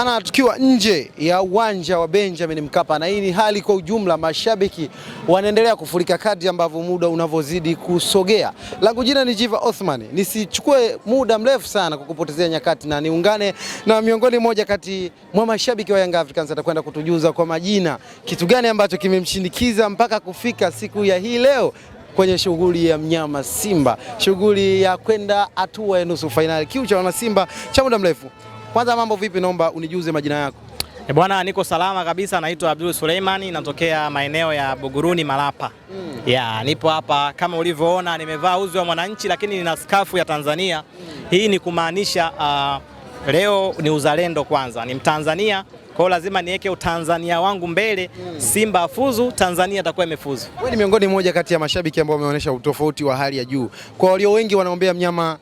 Bana, tukiwa nje ya uwanja wa Benjamin Mkapa, na hii ni hali kwa ujumla, mashabiki wanaendelea kufurika kadri ambavyo muda unavyozidi kusogea. Langu jina ni Jiva Othman, nisichukue muda mrefu sana kwa kupotezea nyakati, na niungane na miongoni mmoja kati mwa mashabiki wa Young Africans, atakwenda kutujuza kwa majina kitu gani ambacho kimemshindikiza mpaka kufika siku ya hii leo kwenye shughuli ya mnyama Simba, shughuli ya kwenda hatua ya nusu fainali, kiu cha wanasimba cha muda mrefu. Kwanza mambo vipi, naomba unijuze majina yako. E bwana, niko salama kabisa, naitwa Abdul Suleimani, natokea maeneo ya Buguruni Malapa. Mm. Ya, nipo hapa kama ulivyoona nimevaa uzi wa mwananchi, lakini nina skafu ya Tanzania. Mm. Hii ni kumaanisha uh, leo ni uzalendo kwanza, ni Mtanzania kwa hiyo lazima niweke utanzania wangu mbele mm. Simba afuzu, Tanzania atakuwa imefuzu. Wewe ni miongoni mmoja kati ya mashabiki ambao wameonyesha utofauti wa hali ya juu, kwa walio wengi wanaombea mnyama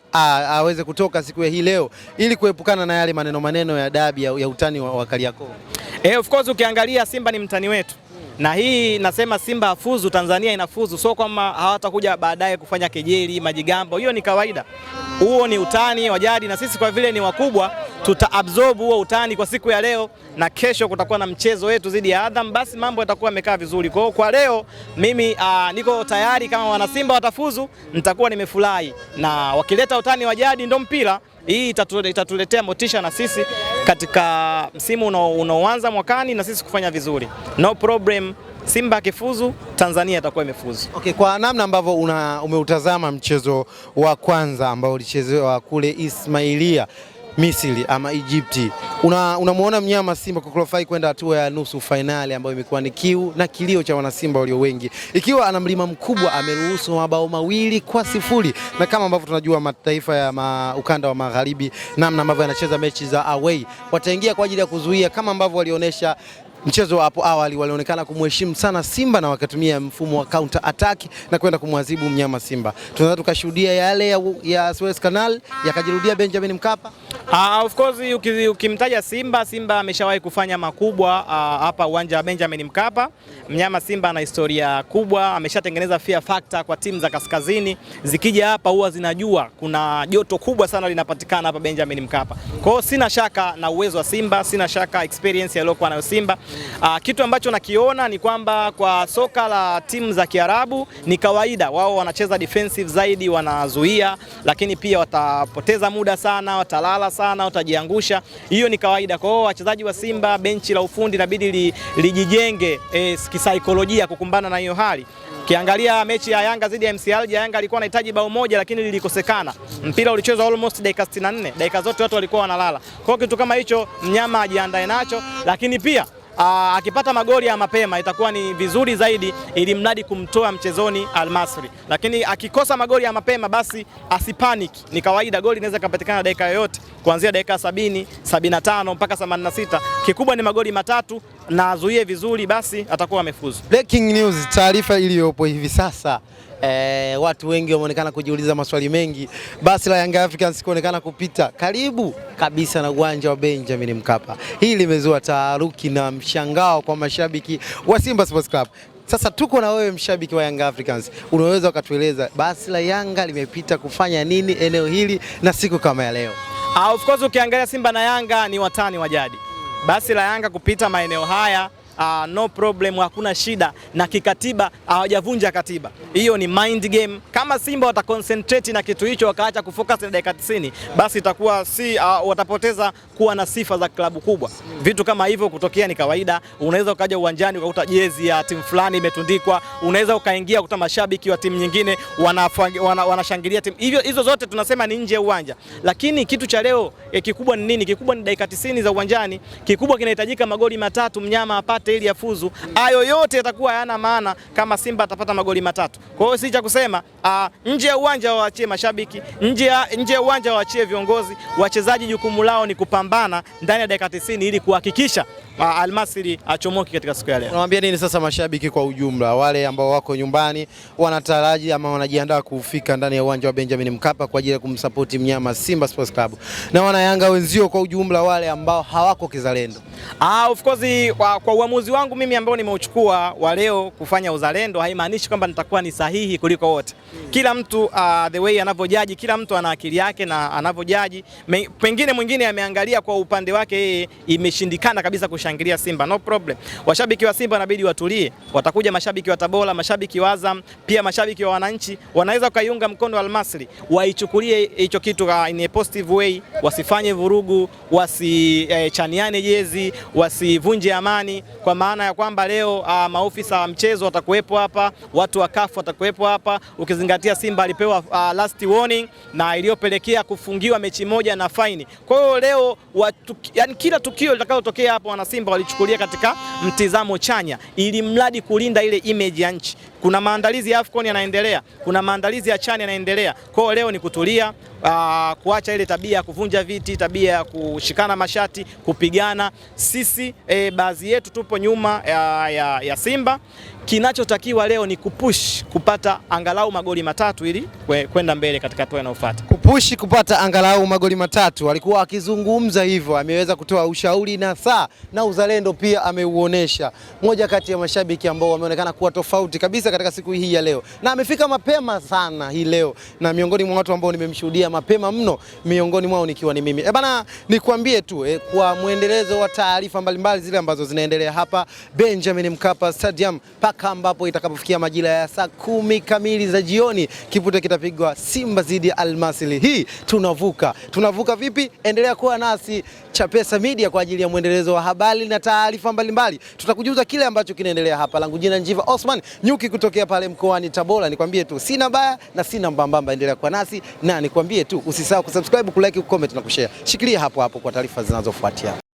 aweze kutoka siku ya hii leo ili kuepukana na yale maneno maneno ya dabi ya, ya utani wa, wa Kariakoo. Eh, of course ukiangalia Simba ni mtani wetu mm. na hii nasema Simba afuzu, Tanzania inafuzu, sio kwamba hawatakuja baadaye kufanya kejeli, majigambo. Hiyo ni kawaida, mm. huo ni utani wa jadi, na sisi kwa vile ni wakubwa tutaabsorb huo utani kwa siku ya leo, na kesho kutakuwa na mchezo wetu dhidi ya Azam, basi mambo yatakuwa yamekaa vizuri. Kwa hiyo kwa leo mimi aa, ah, niko tayari, kama wanasimba watafuzu nitakuwa nimefurahi, na wakileta utani wa jadi ndo mpira hii itatuletea motisha na sisi katika msimu unaoanza mwakani, na sisi kufanya vizuri. No problem, Simba akifuzu Tanzania itakuwa imefuzu. Okay, kwa namna ambavyo umeutazama mchezo wa kwanza ambao ulichezewa kule Ismailia Misri ama Egypt. Unamwona una mnyama Simba kuklofai kwenda hatua ya nusu fainali ambayo imekuwa ni kiu na kilio cha wanasimba walio wengi, ikiwa ana mlima mkubwa, ameruhusu mabao mawili kwa sifuri, na kama ambavyo tunajua mataifa ya ma, ukanda wa magharibi, namna ambavyo yanacheza mechi za away, wataingia kwa ajili ya kuzuia kama ambavyo walionyesha mchezo wa hapo awali walionekana kumheshimu sana Simba na wakatumia mfumo wa counter attack na kwenda kumwadhibu mnyama Simba. Tunaweza tukashuhudia yale ya, ya Suez Canal yakajirudia Benjamin Mkapa. Uh, of course ukimtaja Simba, Simba ameshawahi kufanya makubwa ah, hapa uh, uwanja wa Benjamin Mkapa. Mnyama Simba ana historia kubwa, ameshatengeneza fear factor kwa timu za kaskazini, zikija hapa huwa zinajua kuna joto kubwa sana linapatikana hapa Benjamin Mkapa. Kwa hiyo sina shaka na uwezo wa Simba, sina shaka experience aliyokuwa nayo Simba. Uh, kitu ambacho nakiona ni kwamba kwa soka la timu za Kiarabu ni kawaida wao wanacheza defensive zaidi, wanazuia, lakini pia watapoteza muda sana, watalala sana, utajiangusha. Hiyo ni kawaida. Kwa hiyo wachezaji wa Simba, benchi la ufundi inabidi lijijenge eh, kisaikolojia kukumbana na hiyo hali. Ukiangalia mechi ya Yanga dhidi ya MC Alger, Yanga alikuwa anahitaji bao moja lakini lilikosekana. Mpira ulichezwa almost dakika 64, dakika zote watu walikuwa wanalala. Kwa hiyo kitu kama hicho mnyama ajiandae nacho, lakini pia uh, akipata magoli ya mapema itakuwa ni vizuri zaidi, ili mradi kumtoa mchezoni Almasri, lakini akikosa magoli ya mapema basi asipanic. Ni kawaida, goli inaweza kupatikana dakika yoyote kuanzia dakika sabini, sabini na tano mpaka themanini na sita. Kikubwa ni magoli matatu na azuie vizuri, basi atakuwa amefuzu. Breaking news, taarifa iliyopo hivi sasa E, watu wengi wameonekana kujiuliza maswali mengi, basi la Yanga Africans kuonekana kupita karibu kabisa na uwanja wa Benjamin Mkapa. hii limezua taharuki na mshangao kwa mashabiki wa Simba Sports Club. Sasa tuko na wewe mshabiki wa Yanga Africans, unaweza ukatueleza basi la Yanga limepita kufanya nini eneo hili na siku kama ya leo? Ah, of course ukiangalia Simba na Yanga ni watani wa jadi, basi la Yanga kupita maeneo haya uh, no problem, hakuna shida, na kikatiba hawajavunja uh, katiba. Hiyo ni mind game. Kama Simba wata concentrate na kitu hicho wakaacha kufocus na dakika 90, basi itakuwa si uh, watapoteza kuwa na sifa za klabu kubwa. Vitu kama hivyo kutokea ni kawaida. Unaweza ukaja uwanjani ukakuta jezi ya timu fulani imetundikwa, unaweza ukaingia ukuta mashabiki wa timu nyingine wanashangilia wana, wana timu hivyo. Hizo zote tunasema ni nje ya uwanja, lakini kitu cha leo eh, kikubwa ni nini? Kikubwa ni dakika 90 za uwanjani. Kikubwa kinahitajika magoli matatu mnyama apate ya fuzu Hayo yote yatakuwa hayana maana kama Simba atapata magoli matatu. Kwa hiyo si cha kusema uh, nje ya uwanja waachie mashabiki, nje nje ya uwanja waachie viongozi. Wachezaji jukumu lao ni kupambana ndani ya dakika 90 ili kuhakikisha Ah, Almasiri achomoki katika siku ya leo. Unawaambia nini sasa mashabiki kwa ujumla, wale ambao wako nyumbani wanataraji ama wanajiandaa kufika ndani ya uwanja wa Benjamin Mkapa kwa ajili ya kumsapoti mnyama Simba Sports Club na wanayanga wenzio kwa ujumla, wale ambao hawako kizalendo? Ah, of course kwa, kwa uamuzi wangu mimi ambao nimeuchukua wa leo kufanya uzalendo haimaanishi kwamba nitakuwa ni sahihi kuliko wote. Kila mtu uh, the way anavyojaji, kila mtu ana akili yake na anavyojaji, pengine mwingine ameangalia kwa upande wake yeye imeshindikana kabisa kusha wanashangilia Simba, no problem. Washabiki wa Simba inabidi watulie, watakuja mashabiki wa Tabora, mashabiki wa Azam, pia mashabiki wa wananchi wanaweza kaiunga mkondo Almasri, waichukulie hicho kitu in a positive way, wasifanye vurugu, wasichaniane eh, jezi, wasivunje amani, kwa maana ya kwamba leo ah, maofisa wa mchezo watakuwepo hapa, watu wa kafu watakuwepo hapa, ukizingatia Simba alipewa ah, last warning na iliyopelekea kufungiwa mechi moja na faini. Kwa hiyo leo watu, yani kila tukio litakalotokea hapa wana Simba walichukulia katika mtizamo chanya, ili mradi kulinda ile image ya nchi. Kuna maandalizi ya AFCON yanaendelea, kuna maandalizi ya CHAN yanaendelea. Kwao leo ni kutulia, uh, kuacha ile tabia ya kuvunja viti, tabia ya kushikana mashati, kupigana. Sisi e, baadhi yetu tupo nyuma ya, ya, ya Simba. Kinachotakiwa leo ni kupush kupata angalau magoli matatu ili kwenda mbele katika hatua inayofuata. Kupush kupata angalau magoli matatu, alikuwa akizungumza hivyo, ameweza kutoa ushauri na saa na uzalendo pia ameuonesha. Moja kati ya mashabiki ambao wameonekana kuwa tofauti kabisa katika siku hii ya leo, na amefika mapema sana hii leo, na miongoni mwa watu ambao nimemshuhudia kulia mapema mno, miongoni mwao nikiwa ni mimi. E bana, nikwambie tu e, kwa mwendelezo wa taarifa mbalimbali zile ambazo zinaendelea hapa Benjamin Mkapa Stadium mpaka ambapo itakapofikia majira ya saa kumi kamili za jioni, kipute kitapigwa Simba dhidi ya Almasili. Hii tunavuka, tunavuka vipi? Endelea kuwa nasi Chapesa Media kwa ajili ya mwendelezo wa habari na taarifa mbalimbali. Tutakujuza kile ambacho kinaendelea hapa. Langu jina Njiva Osman Nyuki kutokea pale mkoani Tabora. Nikwambie tu sina baya na sina mbambamba, endelea kuwa nasi na nikwambie nikwambie tu usisahau kusubscribe, kulike, kucomment na kushare. Shikilia hapo hapo kwa taarifa zinazofuatia.